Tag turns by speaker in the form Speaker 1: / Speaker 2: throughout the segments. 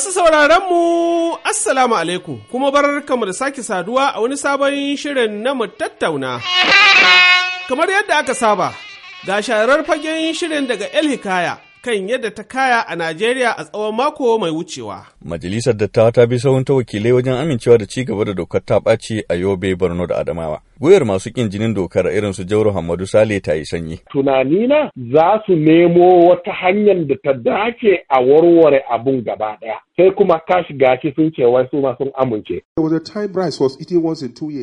Speaker 1: Masu sauraron mu Assalamu alaikum kuma mu da sake saduwa a wani sabon shirin na mu tattauna. Kamar yadda aka saba, ga sharar fagen shirin daga El Hikaya kan yadda ta kaya a Najeriya a tsawon mako mai wucewa.
Speaker 2: Majalisar dattawa ta bi sahun ta wakilai wajen amincewa da ci gaba da dokar ta ɓaci a Yobe, Borno da Adamawa. Goyar masu kin jinin dokar irin su Jauro Hamadu Sale ta yi sanyi.
Speaker 3: Tunanina za su nemo wata hanyar da ta dace a warware abun gaba ɗaya. Sai kuma kashi gashi sun ce wai su ma sun amince.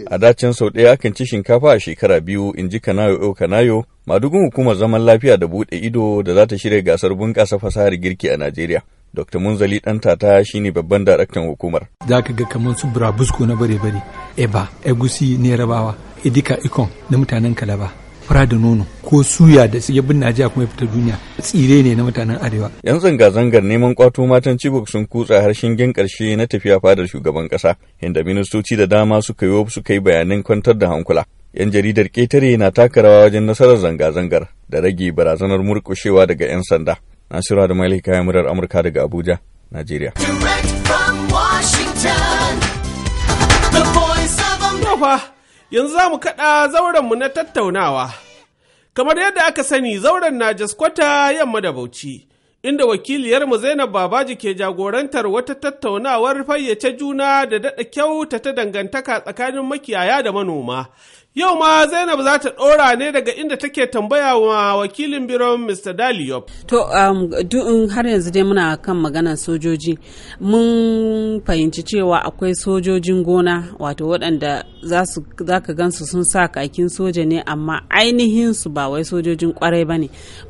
Speaker 2: A dacin sau ɗaya akan ci shinkafa a shekara biyu in ji Kanayo O Kanayo madugun hukumar zaman lafiya da buɗe ido da za ta shirya gasar bunƙasa fasahar girki a Najeriya. Dr. Munzali ɗan shi ne babban daraktan hukumar.
Speaker 4: Za ka ga kamar su burabusko na bare-bare, eba, egusi ne rabawa, edika ikon na mutanen kalaba. fura da nono ko suya da su yabin Najeriya kuma ya fita duniya tsire ne na mutanen arewa.
Speaker 2: Yan zanga-zangar neman kwato matan cibok sun kutsa har shingen karshe na tafiya fadar shugaban kasa inda ministoci da dama suka yi suka yi bayanan kwantar da hankula. Yan jaridar ketare na taka rawa wajen nasarar zanga-zangar da rage barazanar murkushewa daga 'yan sanda. Nasiru da Malika ya murar Amurka daga Abuja, Najeriya.
Speaker 1: yanzu za mu kaɗa zaurenmu na tattaunawa. Kamar yadda aka sani, zauren na jaskwata yamma da bauchi, inda wakiliyarmu Zainab Babaji ke jagorantar wata tattaunawar fayyace juna da daɗa kyautata dangantaka tsakanin makiyaya da manoma. Yau ma Zainab za ta ɗora ne daga inda take tambaya wa wakilin biron Mr.
Speaker 5: Daliop. To, um, har yanzu dai muna kan maganar sojoji. Mun fahimci cewa akwai sojojin gona wato waɗanda za ka gansu sun sa kakin soja ne amma ainihin su ba wai sojojin kwarai ba ne.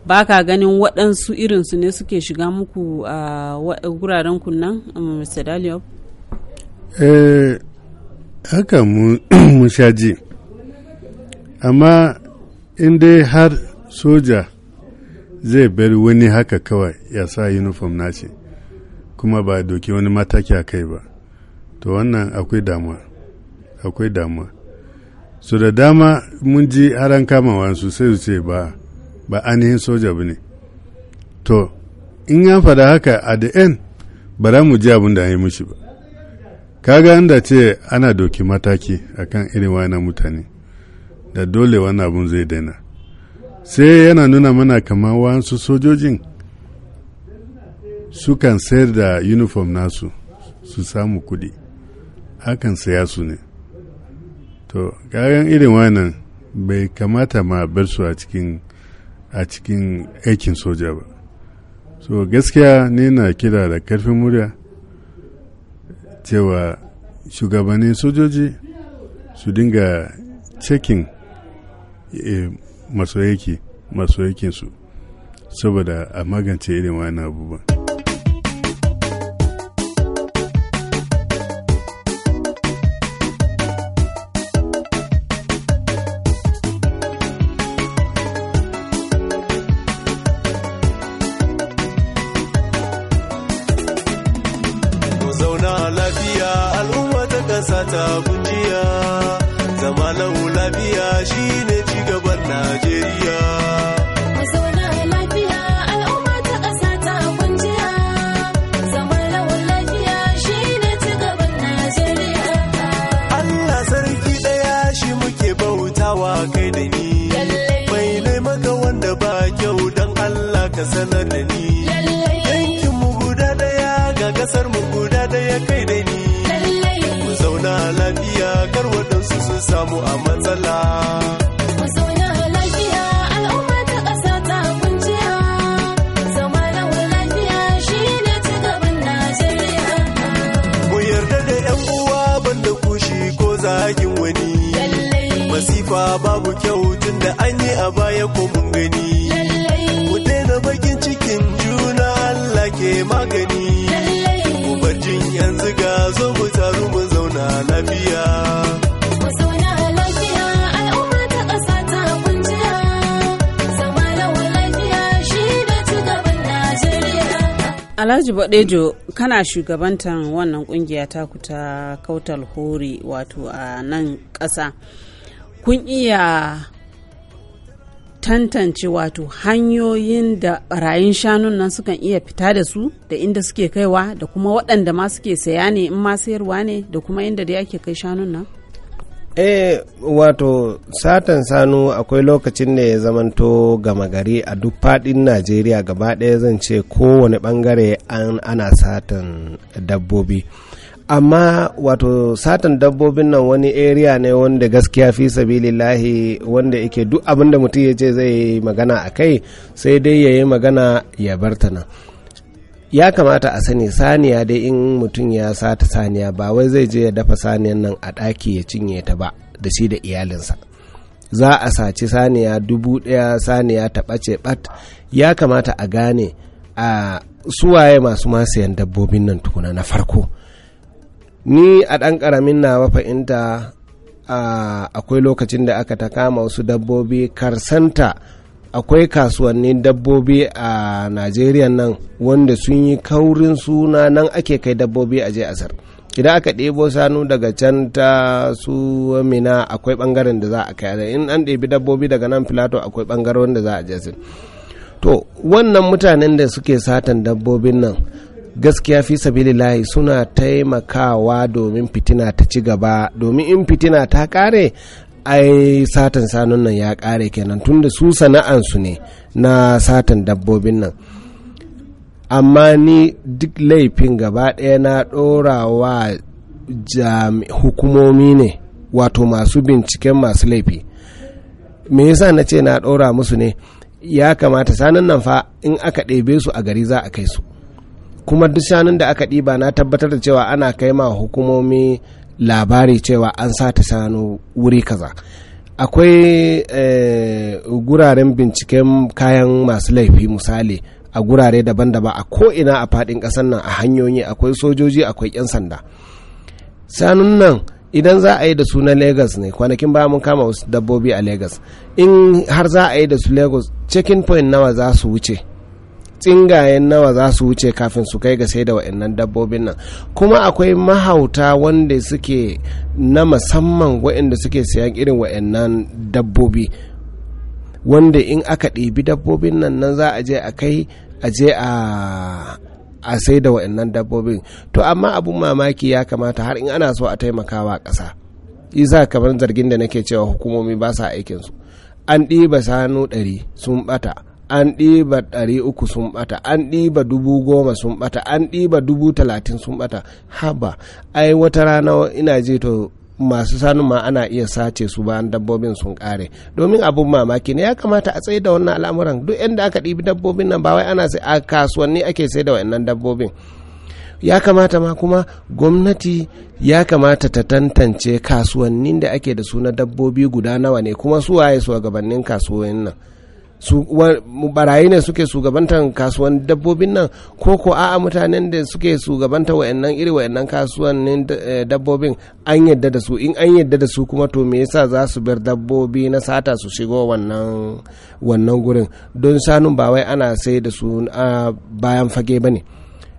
Speaker 5: Ba ka ganin waɗansu irinsu ne suke shiga muku uh, a nan Mr. Um, Daliop?
Speaker 6: Eh, haka mun sha ji. amma in dai har soja zai bar wani haka kawai ya sa uniform nace kuma ba doki wani mataki a kai ba to wannan akwai damuwa akwai damuwa su da dama mun ji haran kamawa su sai su ce ba ba ainihin soja ba ne to in ya fada haka a da end ba mu ji abin da an yi mushi ba kaga inda ce ana doki mataki akan irin na mutane da dole wani abun zai daina sai yana nuna mana kamar wasu sojojin sukan sayar da uniform nasu su samu kuɗi hakan saya su ne to kayan irin wannan bai kamata ma bar su a cikin a cikin aikin soja ba so gaskiya ne na kira da karfin murya cewa shugabannin sojoji su dinga cekin masoyake eh, masoyakinsu saboda a magance irin wani abubuwan mu
Speaker 5: Alhaji baɗejo kana shugabantan wannan kungiya ta ta kautal hori wato a nan ƙasa. Kun iya tantance wato hanyoyin da rayun shanun nan sukan iya fita da su da inda suke kaiwa da kuma waɗanda ma suke saya ne in ma sayarwa ne da kuma inda da ake kai shanun nan?
Speaker 7: eh wato satan sanu akwai lokacin da ya zamanto gama gari a duk fadin najeriya gaba ɗaya zan ce kowane bangare an ana satan dabbobi amma wato satan dabbobin nan wani area ne wanda gaskiya fi sabilillahi wanda yake duk abinda mutum ya ce zai magana a kai sai dai ya yi magana ya barta nan ya kamata a sani saniya dai in mutum ya sata saniya ba wai zai je ya dafa saniyan nan a ɗaki ya cinye ta ba da shi da iyalinsa za a saci saniya dubu ɗaya saniya ta ɓace ɓat ya kamata a gane a suwaye masu masayan dabbobin nan tukuna na farko ni a ɗan ƙaramin na fahimta akwai lokacin da aka ta kama wasu dabbobi karsanta akwai kasuwannin dabbobi a najeriya nan wanda sun yi kaurin suna nan ake kai dabbobi a je asar idan aka ɗebo sanu daga can ta su mina akwai ɓangaren da za a kai in an ɗebi dabbobi daga nan filato akwai ɓangaren da za a je to wannan mutanen da suke satan dabbobin nan gaskiya fi layi, suna taimakawa domin fitina ta ci gaba domin in fitina ta kare ai satan sanun nan ya ƙare kenan tunda su sana'ansu ne na satan dabbobin nan amma ni duk laifin gaba ɗaya na ɗorawa hukumomi ne wato masu binciken masu laifi me yasa na ce na ɗora musu ne ya kamata sanan nan fa in aka ɗebe su a gari za a kai su kuma duk shanun da aka ɗiba na tabbatar da cewa ana kai ma hukumomi labari cewa an sata sanu wuri kaza akwai eh, guraren binciken kayan masu laifi misali a gurare daban-daban a ko'ina a faɗin ƙasar nan a hanyoyi akwai sojoji akwai 'yan sanda sanun nan idan za a yi da su na lagos ne kwanakin ba mun kama wasu dabbobi a legas in har za a yi da su legas checking point nawa za su wuce tsingayen nawa za su wuce kafin su kai ga sai da wa'annan dabbobin nan kuma akwai mahauta wanda suke na musamman wa'anda suke sayan irin wa'annan dabbobi wanda in aka ɗibi dabbobin nan nan za a je a kai a je a a sai da wa'annan dabbobin to amma abun mamaki ya kamata har in ana so a taimakawa ƙasa isa kamar zargin da nake cewa hukumomi ba sa aikinsu an ɗiba sanu ɗari sun ɓata an ɗiba ɗari uku sun ɓata an ɗiba dubu goma sun ɓata an ɗiba dubu talatin sun ɓata haba ai wata rana ina je to masu sanu ma ana iya sace su bayan dabbobin sun kare domin abun mamaki ne ya kamata a tsaye da wannan al'amuran duk yadda aka ɗibi dabbobin nan ba wai ana sai a kasuwanni ake sai da wa'annan dabbobin ya kamata ma kuma gwamnati ya kamata ta tantance kasuwannin da ake da su na dabbobi guda nawa ne kuma su waye su gabanin kasuwannin nan su barayi ne suke shugabantar kasuwan dabbobin nan ko ko a'a mutanen da suke shugabanta wayannan iri wayannan kasuwannin eh, dabbobin an yadda da su in an yadda da su kuma to me yasa za su bar dabbobi na sata su shigo wannan wannan gurin don sanun ba wai ana sai da su a bayan fage bane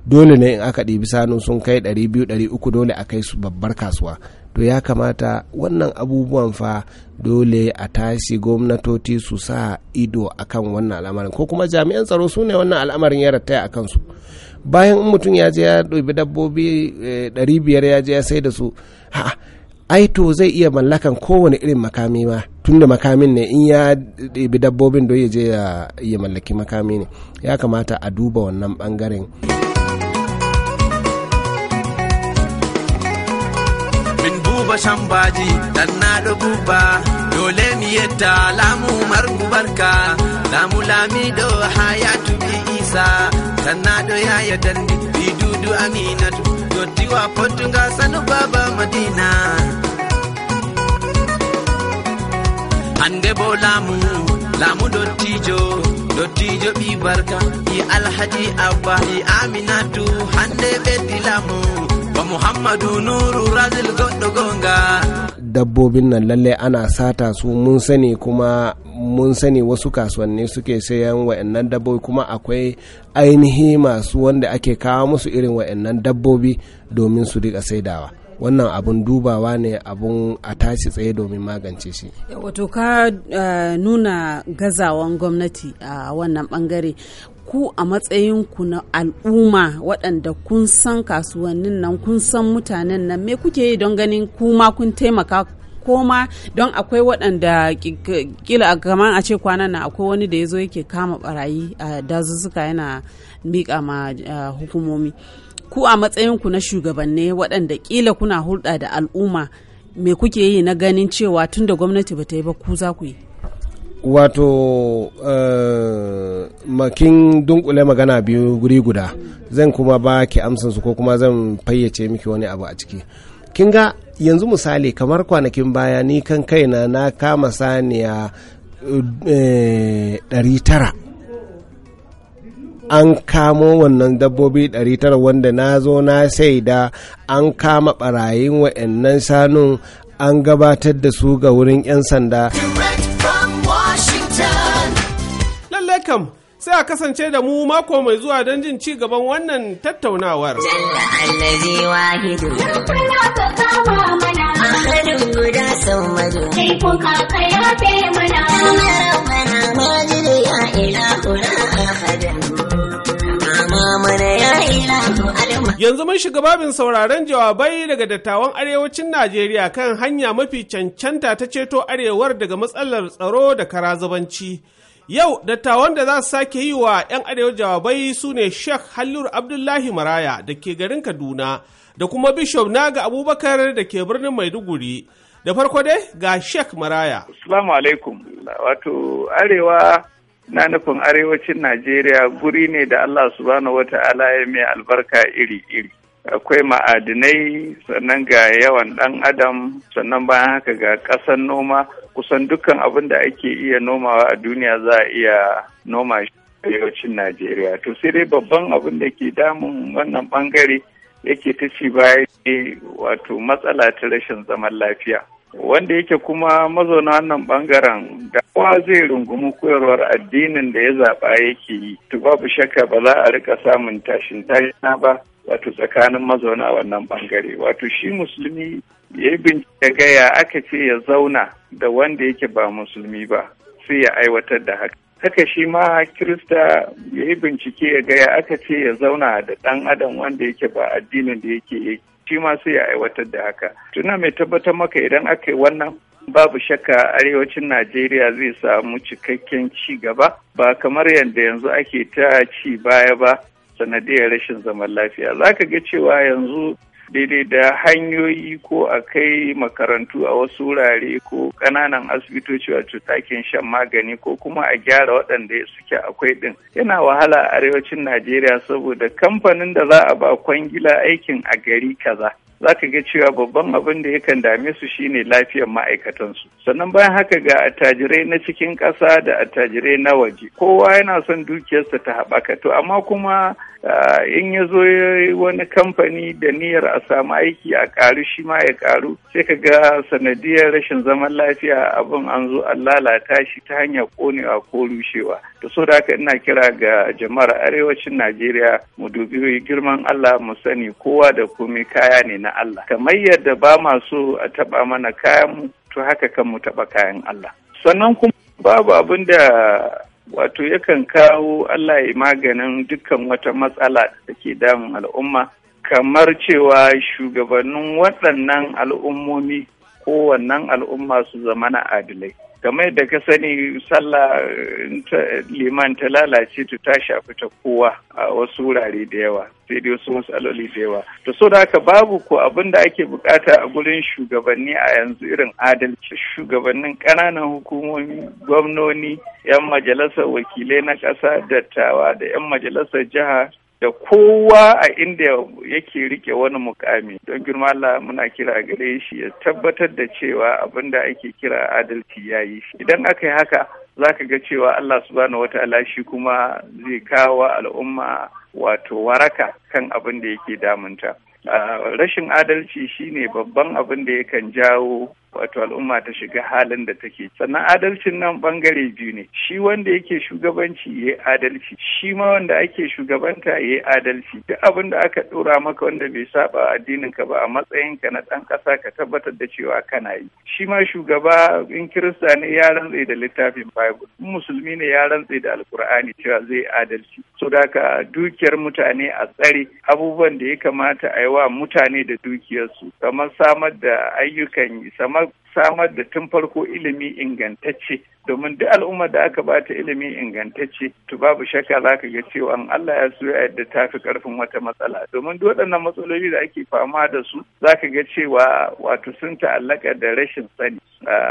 Speaker 7: dole ne in aka ɗibi sanu sun kai 200 300 dole a kai su babbar kasuwa to ya kamata wannan abubuwan fa dole a tashi gwamnatoci su sa ido akan wannan al'amarin ko kuma jami'an tsaro su ne wannan al'amarin ya rattaya a kansu bayan in mutum ya je ya ɗobi dabbobi 500 eh, ya je ya sai da su ha ai to zai iya mallakan kowane irin makami ma tunda makamin ne in ya ɗebi dabbobin don ya je ya mallaki makami ne ya kamata a duba wannan bangaren. bo sambaji dannaɗo buba dole mi yetta laamu margu barka laamu
Speaker 1: laamiɗo ha yatuɓi
Speaker 7: isa dannaɗo yaya darndi bi duudu aminatu dottiwa pottuga sanu baba madina hande bo laamu laamu dottijo dottijo ɓi barka i alhaji abba i aminatu hande ɓeddi laamu wa muhammadu nuru razil gonga dabbobin nan lallai ana sata su mun sani kuma mun sani wasu kasuwanni suke sayan wa'annan dabbobi kuma akwai ainihi masu wanda ake kawo musu irin wa'annan dabbobi domin su rika saidawa wannan abun dubawa ne abun a tashi tsaye domin magance shi
Speaker 5: wato ka eh, nuna gazawan gwamnati a wannan bangare ku a matsayinku na al'umma waɗanda kun san kasuwannin nan kun san mutanen nan me kuke yi don ganin kuma kun taimaka koma don akwai waɗanda kila kaman a ce kwanan nan akwai wani da ya zo yake kama barayi a dazuzzuka yana miƙa ma eh, hukumomi ku a matsayinku na shugabanni waɗanda ƙila kuna hulɗa da al'umma me kuke yi na ganin cewa tun da gwamnati ba ta yi ba ku za ku yi
Speaker 7: wato eh, makin dunkule magana biyu guri guda zan kuma ba ki amsansu ko kuma zan fayyace miki wani abu a ciki kin ga yanzu misali kamar kwanakin baya ni kan kaina na kama saniya eh, ɗari tara an kamo wannan dabbobi 900 wanda na zo na saida an kama barayin wa'annan shanu, an gabatar da su ga wurin 'yan sanda.
Speaker 1: Lallai kam sai a kasance da mu mako mai zuwa don jin ci gaban wannan tattaunawar. Ya
Speaker 5: Jalla
Speaker 1: Yanzu mun shiga babin sauraron jawabai daga dattawan arewacin Najeriya kan hanya mafi cancanta ta ceto arewar daga matsalar tsaro da karazabanci. Yau dattawan da za su sake yi wa 'yan arewa jawabai su ne Sheikh Hallur Abdullahi Maraya da ke garin Kaduna da kuma Bishop ga Abubakar da ke birnin Maiduguri. Da farko dai ga Sheikh Maraya. Assalamu
Speaker 4: Wato arewa na nufin arewacin najeriya guri ne da allah subhanahu wata'ala ya mai albarka iri-iri akwai ma'adinai sannan ga yawan ɗan adam sannan bayan haka ga ƙasan noma kusan dukkan abin da ake iya nomawa a duniya za a iya noma shi arewacin najeriya to sai dai babban abin da ke damun wannan bangare yake ta ci baya wato matsala ta rashin zaman lafiya wanda yake kuma mazauna wannan bangaren da kowa zai rungumi koyarwar addinin da ya zaɓa yake yi to babu shakka ba za a rika samun tashin tashina ba wato tsakanin mazauna wannan bangare wato shi musulmi ya yi bincike gaya aka ce ya zauna da wanda yake ba musulmi ba sai ya aiwatar da haka haka shi ma kirista ya yi bincike ya gaya aka ce ya zauna da ɗan adam wanda yake ba addinin da yake yake shi ma sai ya aiwatar da haka tuna mai tabbatar maka idan aka yi wannan babu shakka arewacin najeriya zai samu cikakken ci gaba ba kamar yadda yanzu ake ta ci baya ba sanadiyar rashin zaman lafiya za ka ga cewa yanzu daidai da hanyoyi ko a kai makarantu a wasu wurare ko ƙananan asibitoci wato ɗakin shan magani ko kuma a gyara waɗanda suke akwai ɗin yana wahala a arewacin najeriya saboda kamfanin da za a ba kwangila aikin a gari kaza za ka ga cewa babban abin da yakan dame su shine lafiyar ma'aikatansu sannan bayan haka ga attajirai na cikin ƙasa da attajirai na waje kowa yana son dukiyarsa ta haɓaka to amma kuma Eh, in ya zo wani kamfani da niyyar a samu aiki a Karu shi ma ya Karu, sai ka ga sanadiyar rashin zaman lafiya abin an zo an lalata shi ta hanyar ƙonewa ko rushewa da so da haka ina kira ga jama'ar arewacin najeriya mu dubi girman allah mu sani kowa da komai kaya ne na allah kamar yadda ba ma so a taɓa mana kayan mu to haka kan mu taɓa kayan allah sannan kuma babu abin da wato yakan kawo Allah ya maganin dukkan wata matsala da take damun al'umma kamar cewa shugabannin waɗannan al'ummomi kowannan al'umma su zama na adilai. kamar da ka sani sallah eh, liman ta lalace ta ta shafi ta kowa a wasu wurare da yawa sai dai wasu matsaloli da yawa to so da haka babu ko abin da ake bukata a gurin shugabanni a yanzu irin adalci shugabannin ƙananan hukumomi gwamnoni yan majalisar wakilai na ƙasa dattawa da yan majalisar jiha da
Speaker 3: kowa
Speaker 4: a inda yake rike wani mukami don girma Allah muna kira gare shi ya tabbatar da cewa abin da ake kira adalci ya yi shi idan aka yi haka za ka ga cewa Allah subhanahu wata alashi kuma zai kawo al'umma wato waraka kan abin da yake damunta ah, rashin adalci shine babban abin da yakan jawo wato al'umma ta shiga halin da take sannan adalcin nan bangare biyu ne shi wanda yake shugabanci ya adalci shi ma wanda ake shugabanta ya adalci duk abin da aka dora maka wanda bai saba addinin ka ba a matsayin ka na dan kasa ka tabbatar da cewa kana yi shi ma shugaba in kirista ne ya rantse da littafin bible in musulmi ne ya rantse da alkur'ani cewa zai adalci so da ka dukiyar mutane a tsare abubuwan da ya kamata a yi wa mutane da dukiyarsu kamar samar da ayyukan yi samar samar da tun farko ilimi ingantacce domin duk al'ummar da aka bata ilimi ingantacce to babu shakka za ka ga cewa Allah ya so ya yadda ta fi karfin wata matsala domin duk waɗannan matsaloli da ake fama da su za ka ga cewa wato sun ta'allaka da rashin sani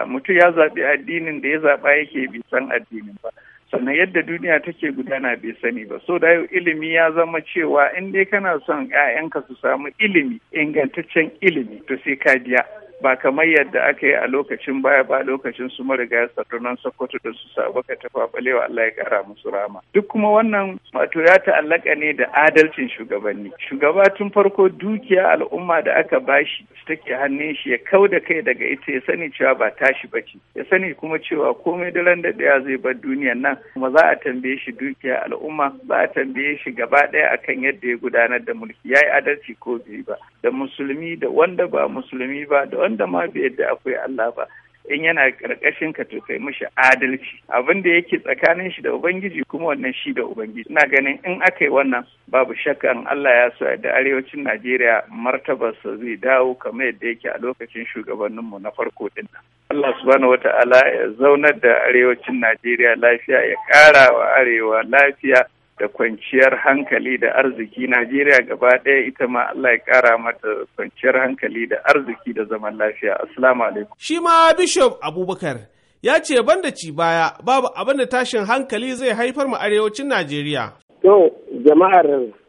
Speaker 4: mutum ya zaɓi addinin da ya zaɓa yake bi san addinin ba sannan yadda duniya take gudana bai sani ba so da ilimi ya zama cewa in dai kana son 'ya'yanka su samu ilimi ingantaccen ilimi to sai ka biya ba kamar yadda aka yi a lokacin baya ba lokacin su mariga sardunan sokoto da su sabaka ta fafalewa Allah ya kara musu rama duk kuma wannan wato ya ta'allaka ne da adalcin shugabanni shugaba tun farko dukiya al'umma da aka bashi take hannun shi ya kau da kai daga ita ya sani cewa ba tashi ba ce. ya sani kuma cewa komai daren da ɗaya zai bar duniyar nan kuma za a tambaye shi dukiya al'umma za a tambaye shi gaba ɗaya akan yadda ya gudanar da mulki yi adalci ko bai ba da musulmi da wanda ba musulmi ba da wanda ma bai yadda akwai Allah ba in yana karkashin ka to kai mishi adalci abin da yake tsakanin shi da ubangiji kuma wannan shi da ubangiji ina ganin in aka yi wannan babu shakka in Allah ya so da arewacin Najeriya martabarsa zai dawo kamar yadda yake a lokacin shugabanninmu na farko din Allah subhanahu wata'ala ya zaunar da arewacin Najeriya lafiya ya ƙara wa arewa lafiya da kwanciyar hankali da arziki Najeriya gaba ɗaya ita ma Allah ya ƙara mata kwanciyar hankali da arziki da zaman lafiya. Assalamu alaikum.
Speaker 1: Shi ma Bishop Abubakar ya ce banda ci baya babu abin da tashin hankali zai haifar mu arewacin Najeriya.
Speaker 3: To jama'ar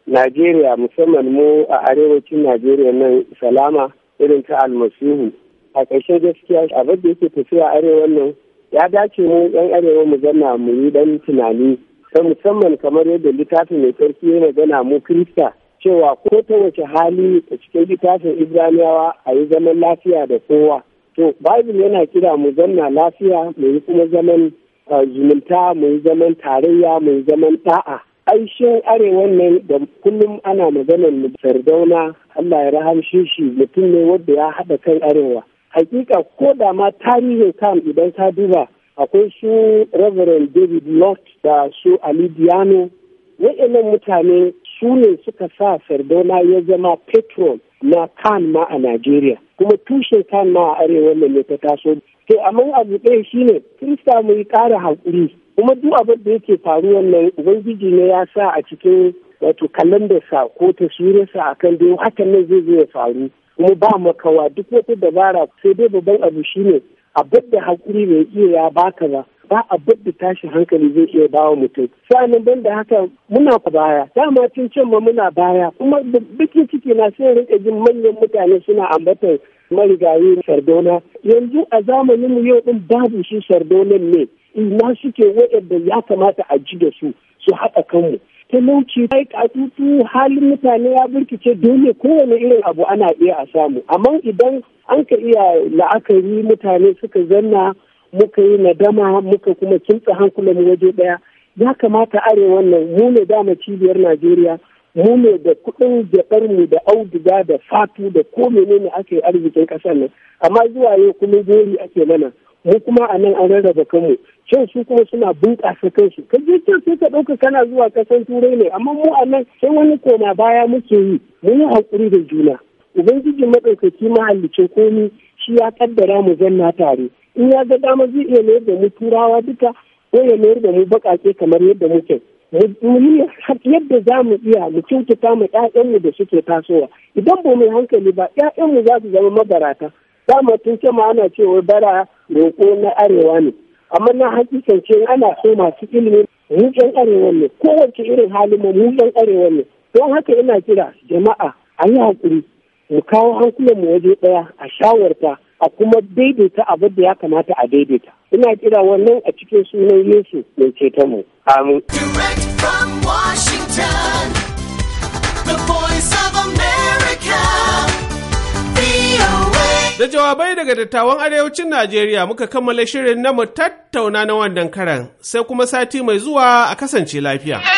Speaker 3: Najeriya musamman mu a arewacin Najeriya nan salama irin ta almasihu. A ƙarshe gaskiya abin da yake tafiya arewa nan ya dace mu ɗan arewa mu zanna mu yi ɗan tunani ta musamman kamar yadda littafin mai sarki ya magana mu kirista cewa ko ta wace hali a cikin littafin ibraniyawa a yi zaman lafiya da kowa to bible yana kira mu zanna lafiya mu yi kuma zaman zumunta mu yi zaman tarayya mu yi zaman ɗa'a aishin arewan nan da kullum ana maganar sardauna allah ya rahamshe shi mutum ne wanda ya haɗa kan arewa hakika ko da ma tarihin kam idan ka duba akwai su reverend david lott da su ali diano waɗannan mutane su ne suka sa sardauna ya zama petrol na kan ma a najeriya kuma tushen kan ma a arewa ne ta taso to amma abu ɗaya ne kirista mu yi ƙara haƙuri kuma duk abin da yake faru nan ubangiji ne ya sa a cikin wato kalandarsa ko surarsa a kan dai hakan nan zai zo ya faru kuma ba makawa duk wata dabara sai dai babban abu shine abin da hakuri ne iya ya baka ba ba abin da tashi hankali zai iya bawa mutum sa'anin ban da haka muna baya dama tun can ma muna baya kuma bikin ciki na sai rinka jin manyan mutane suna ambatar marigayi sardona yanzu a zamanin mu yau din babu shi sardonan ne ina suke waɗanda ya kamata a ji da su su haɗa kanmu talauci ya a tutu halin mutane ya burkice dole kowane irin abu ana iya a samu amma idan an ka iya la'akari mutane suka zanna muka yi nadama muka kuma kintsa hankulan waje daya ya kamata arewa wannan mu ne dama cibiyar najeriya mu ne da kudin jabar mu da auduga da fatu da ko menene ake arzikin kasar nan amma zuwa yau kuma gori ake mana mu kuma a nan an rarraba kanmu shan su kuma suna bunƙasa kansu ka je can sai ka ɗauka kana zuwa kasan turai ne amma mu a nan sai wani koma baya muke yi mun yi haƙuri da juna ubangiji maɗaukaki mahallicin komi shi ya kaddara mu zanna tare in ya ga dama zai iya mayar da mu turawa duka ko ya mayar da mu baƙaƙe kamar yadda muke yadda za mu iya mu kyautata mu ƴaƴanmu da suke tasowa idan ba mu hankali ba ƴaƴanmu za su zama mabarata dama tun ma ana cewa bara roƙo na arewa ne amma na hakikance ana so masu ilimin mu arewa ne kowace irin halin mu mujan arewa ne don haka ina kira jama'a a yi hakuri mu kawo hankulanmu waje ɗaya a shawarta a kuma daidaita abin da ya kamata a daidaita ina kira wannan a cikin sunan yesu mai mu amin
Speaker 1: Da jawabai daga dattawan arewacin Najeriya muka kammala shirin na mu tattauna na wannan karan sai kuma sati mai zuwa a kasance lafiya.